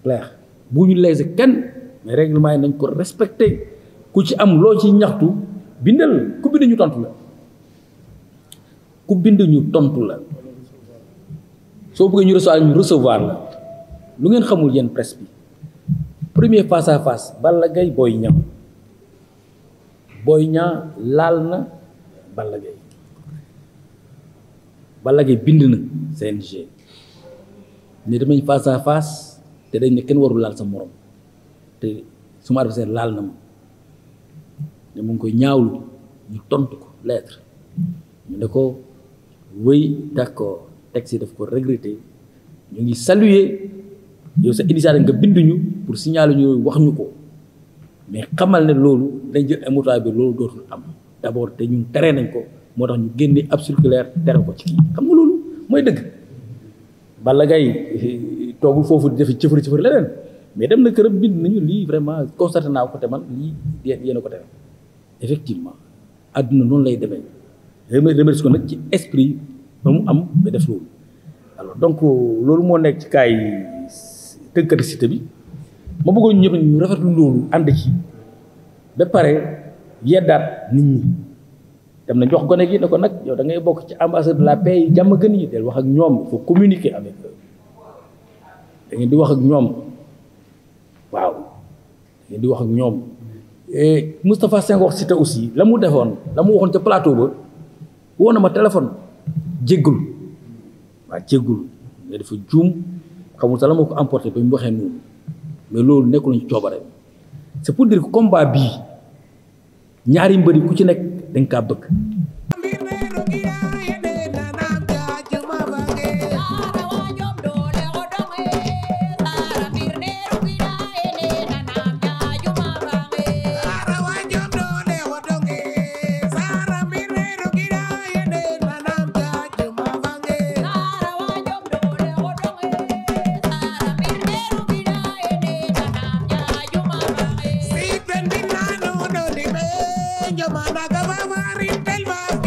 clair bu ñu léegi kenn mais règlement yi nañ ko respecté ku ci am loo ci ñaxtu bindal ku bind tontu la ku bind tontu la soo bëggee ñu recevoir la lu ngeen xamul yéen presse bi premier face à face Balla Gaye booy Niang Boy Niang laal na Balla Gaye Balla Gaye bind na CNG ne damañ face à te dañ ne kenn warul laal sa morom te suma adversaire laal na ma ne mu ngi koy ñaawlu ñu tontu ko lettre ñu ne ko oui d'accord texte si daf ko regretter ñu ngi saluer yow sa initiative nga binduñu pour signaler ñu wax ñu ko mais xamal ne loolu dañ jël ay mutaay bi loolu dootul am d' abord te ñu tere nañ ko moo tax ñu génne ab circulaire tere ko ci kii xam nga loolu mooy dëgg bala gay eh, toogul foofu di def cëfër leneen mais dem na këram bind nañu lii vraiment constaté naa ko te man lii yéen a ko tere effectivement àdduna noonu lay demee remercie ko nag ci ba mu am ba def loolu donc loolu moo nekk ci kaay tënkati cité bi ma bëggoon ñëpp ñu rafetlu loolu ànd ci ba pare yeddaat nit ñi dem nañ jox gone gi ne ko nag yow da ngay bokk ci ambassade de la paix yi jàmm gën yi del wax ak ñoom il faut communiquer avec eux da di wax ak ñoom waaw da di wax ak ñoom Moustapha Senghor cité aussi la mu defoon la mu waxoon ca plateau ba woo na ma téléphone jéggul waa jéggul mais dafa juum xamul sax la moo ko emporté ba mu waxee noonu mais loolu nekkul ñu coobare c'est pour dire que combat bii ñaari mbër ku ci nekk dañ kaa bëgg Baba Rintelba.